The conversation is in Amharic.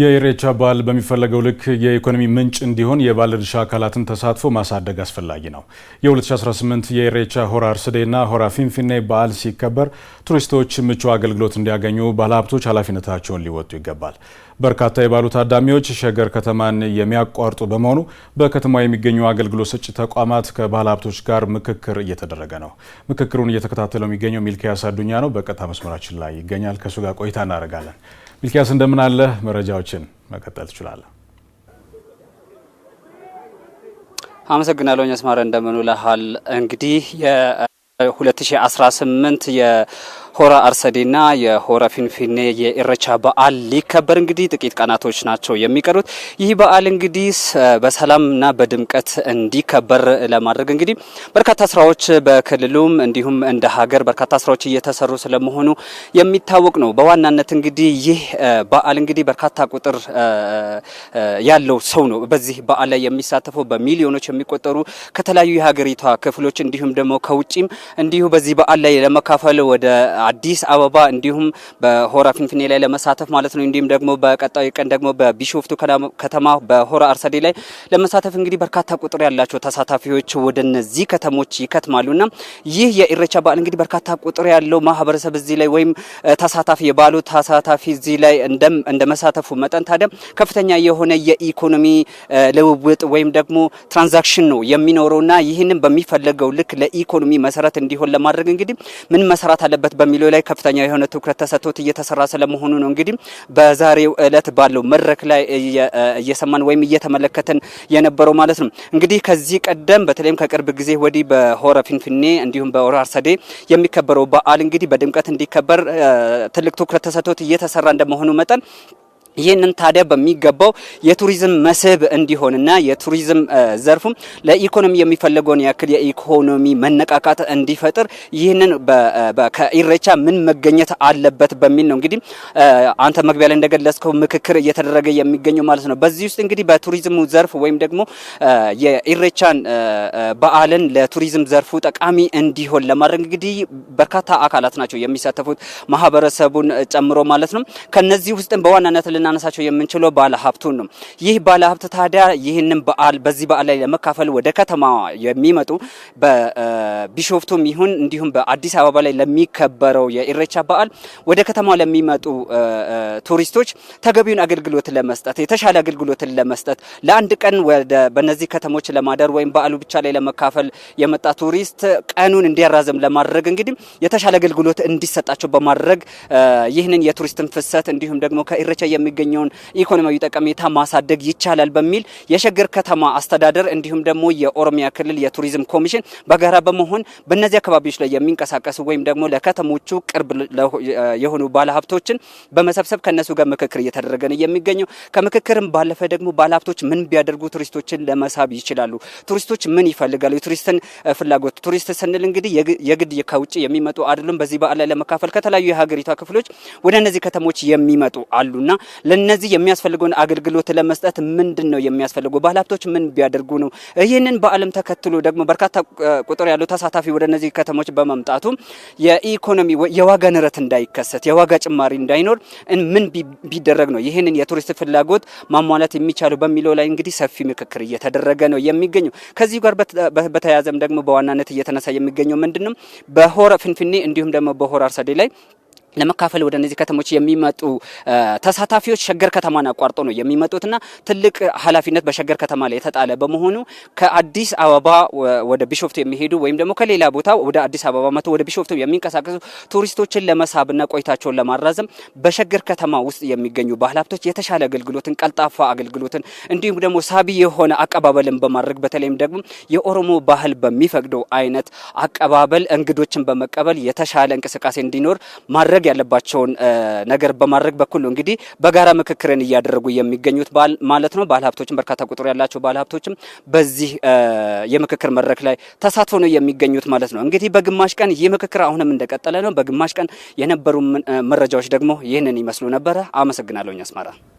የኢሬቻ በዓል በሚፈለገው ልክ የኢኮኖሚ ምንጭ እንዲሆን የባለድርሻ አካላትን ተሳትፎ ማሳደግ አስፈላጊ ነው። የ2018 የኢሬቻ ሆራ አርሰዴና ሆራ ፊንፊኔ በዓል ሲከበር ቱሪስቶች ምቹ አገልግሎት እንዲያገኙ ባለሀብቶች ኃላፊነታቸውን ሊወጡ ይገባል። በርካታ የባሉ ታዳሚዎች ሸገር ከተማን የሚያቋርጡ በመሆኑ በከተማ የሚገኙ አገልግሎት ሰጪ ተቋማት ከባለሀብቶች ጋር ምክክር እየተደረገ ነው። ምክክሩን እየተከታተለው የሚገኘው ሚልኪያስ አዱኛ ነው። በቀጥታ መስመራችን ላይ ይገኛል። ከእሱ ጋር ቆይታ እናደርጋለን። ሚልኪያስ እንደምን አለ? መረጃዎች ዜናዎችን መቀጠል ትችላለህ። አመሰግናለሁ አስማረ እንደምን እንግዲህ የ2018 የ ሆራ አርሰዴና የሆራ ፊንፊኔ የኢረቻ በዓል ሊከበር እንግዲህ ጥቂት ቀናቶች ናቸው የሚቀሩት። ይህ በዓል እንግዲህ በሰላምና በድምቀት እንዲከበር ለማድረግ እንግዲህ በርካታ ስራዎች በክልሉም እንዲሁም እንደ ሀገር በርካታ ስራዎች እየተሰሩ ስለመሆኑ የሚታወቅ ነው። በዋናነት እንግዲህ ይህ በዓል እንግዲህ በርካታ ቁጥር ያለው ሰው ነው በዚህ በዓል ላይ የሚሳተፈው በሚሊዮኖች የሚቆጠሩ ከተለያዩ የሀገሪቷ ክፍሎች እንዲሁም ደግሞ ከውጪም እንዲሁ በዚህ በዓል ላይ ለመካፈል ወደ አዲስ አበባ እንዲሁም በሆራ ፊንፊኔ ላይ ለመሳተፍ ማለት ነው። እንዲሁም ደግሞ በቀጣዩ ቀን ደግሞ በቢሾፍቱ ከተማ በሆራ አርሰዴ ላይ ለመሳተፍ እንግዲህ በርካታ ቁጥር ያላቸው ተሳታፊዎች ወደ እነዚህ ከተሞች ይከትማሉና ይህ የኢሬቻ በዓል እንግዲህ በርካታ ቁጥር ያለው ማህበረሰብ እዚህ ላይ ወይም ተሳታፊ የበዓሉ ተሳታፊ እዚህ ላይ እንደ መሳተፉ መጠን ታዲያ ከፍተኛ የሆነ የኢኮኖሚ ልውውጥ ወይም ደግሞ ትራንዛክሽን ነው የሚኖረውና ይህንን በሚፈለገው ልክ ለኢኮኖሚ መሰረት እንዲሆን ለማድረግ እንግዲህ ምን መሰራት አለበት በሚ በሚለው ላይ ከፍተኛ የሆነ ትኩረት ተሰጥቶት እየተሰራ ስለመሆኑ ነው እንግዲህ በዛሬው እለት ባለው መድረክ ላይ እየሰማን ወይም እየተመለከተን የነበረው ማለት ነው። እንግዲህ ከዚህ ቀደም በተለይም ከቅርብ ጊዜ ወዲህ በሆረ ፊንፊኔ እንዲሁም በሆረ አርሰዴ የሚከበረው በዓል እንግዲህ በድምቀት እንዲከበር ትልቅ ትኩረት ተሰጥቶት እየተሰራ እንደመሆኑ መጠን ይህንን ታዲያ በሚገባው የቱሪዝም መስህብ እንዲሆንና የቱሪዝም ዘርፉም ለኢኮኖሚ የሚፈለገውን ያክል የኢኮኖሚ መነቃቃት እንዲፈጥር ይህንን ከኢሬቻ ምን መገኘት አለበት በሚል ነው እንግዲህ አንተ መግቢያ ላይ እንደገለጽከው ምክክር እየተደረገ የሚገኘው ማለት ነው። በዚህ ውስጥ እንግዲህ በቱሪዝሙ ዘርፍ ወይም ደግሞ የኢሬቻን በዓልን ለቱሪዝም ዘርፉ ጠቃሚ እንዲሆን ለማድረግ እንግዲህ በርካታ አካላት ናቸው የሚሳተፉት ማህበረሰቡን ጨምሮ ማለት ነው። ከነዚህ ውስጥም በዋናነት ልናነሳቸው የምንችለው ባለ ሀብቱን ነው። ይህ ባለ ሀብት ታዲያ ይህንን በዓል በዚህ በዓል ላይ ለመካፈል ወደ ከተማ የሚመጡ በቢሾፍቱም ይሁን እንዲሁም በአዲስ አበባ ላይ ለሚከበረው የኢሬቻ በዓል ወደ ከተማ ለሚመጡ ቱሪስቶች ተገቢውን አገልግሎት ለመስጠት የተሻለ አገልግሎትን ለመስጠት ለአንድ ቀን ወደ በነዚህ ከተሞች ለማደር ወይም በዓሉ ብቻ ላይ ለመካፈል የመጣ ቱሪስት ቀኑን እንዲያራዘም ለማድረግ እንግዲህ የተሻለ አገልግሎት እንዲሰጣቸው በማድረግ ይህንን የቱሪስትን ፍሰት እንዲሁም ደግሞ ከኢሬቻ የሚ የሚገኘውን ኢኮኖሚያዊ ጠቀሜታ ማሳደግ ይቻላል በሚል የሸገር ከተማ አስተዳደር እንዲሁም ደግሞ የኦሮሚያ ክልል የቱሪዝም ኮሚሽን በጋራ በመሆን በእነዚህ አካባቢዎች ላይ የሚንቀሳቀሱ ወይም ደግሞ ለከተሞቹ ቅርብ የሆኑ ባለሀብቶችን በመሰብሰብ ከእነሱ ጋር ምክክር እየተደረገ ነው የሚገኘው። ከምክክርም ባለፈ ደግሞ ባለሀብቶች ምን ቢያደርጉ ቱሪስቶችን ለመሳብ ይችላሉ? ቱሪስቶች ምን ይፈልጋሉ? የቱሪስትን ፍላጎት ቱሪስት ስንል እንግዲህ የግድ ከውጭ የሚመጡ አይደሉም። በዚህ በዓል ላይ ለመካፈል ከተለያዩ የሀገሪቷ ክፍሎች ወደ እነዚህ ከተሞች የሚመጡ አሉና ለነዚህ የሚያስፈልገውን አገልግሎት ለመስጠት ምንድን ነው የሚያስፈልገው? ባለሀብቶች ምን ቢያደርጉ ነው? ይህንን በዓለም ተከትሎ ደግሞ በርካታ ቁጥር ያለው ተሳታፊ ወደ እነዚህ ከተሞች በመምጣቱ የኢኮኖሚ የዋጋ ንረት እንዳይከሰት የዋጋ ጭማሪ እንዳይኖር ምን ቢደረግ ነው ይህንን የቱሪስት ፍላጎት ማሟላት የሚቻለው በሚለው ላይ እንግዲህ ሰፊ ምክክር እየተደረገ ነው የሚገኘው። ከዚህ ጋር በተያያዘም ደግሞ በዋናነት እየተነሳ የሚገኘው ምንድን ነው በሆረ ፍንፍኔ እንዲሁም ደግሞ በሆረ አርሰዴ ላይ ለመካፈል ወደ እነዚህ ከተሞች የሚመጡ ተሳታፊዎች ሸገር ከተማን አቋርጦ ነው የሚመጡትና ትልቅ ኃላፊነት በሸገር ከተማ ላይ የተጣለ በመሆኑ ከአዲስ አበባ ወደ ቢሾፍቱ የሚሄዱ ወይም ደግሞ ከሌላ ቦታ ወደ አዲስ አበባ መጥቶ ወደ ቢሾፍቱ የሚንቀሳቀሱ ቱሪስቶችን ለመሳብና ቆይታቸውን ለማራዘም በሸገር ከተማ ውስጥ የሚገኙ ባለሀብቶች የተሻለ አገልግሎትን፣ ቀልጣፋ አገልግሎትን እንዲሁም ደግሞ ሳቢ የሆነ አቀባበልን በማድረግ በተለይም ደግሞ የኦሮሞ ባህል በሚፈቅደው አይነት አቀባበል እንግዶችን በመቀበል የተሻለ እንቅስቃሴ እንዲኖር ማድረግ ማድረግ ያለባቸውን ነገር በማድረግ በኩል ነው እንግዲህ በጋራ ምክክርን እያደረጉ የሚገኙት ማለት ነው። ባለሀብቶችም በርካታ ቁጥር ያላቸው ባለሀብቶችም በዚህ የምክክር መድረክ ላይ ተሳትፎ ነው የሚገኙት ማለት ነው። እንግዲህ በግማሽ ቀን ይህ ምክክር አሁንም እንደቀጠለ ነው። በግማሽ ቀን የነበሩ መረጃዎች ደግሞ ይህንን ይመስሉ ነበረ። አመሰግናለሁኝ አስማራ።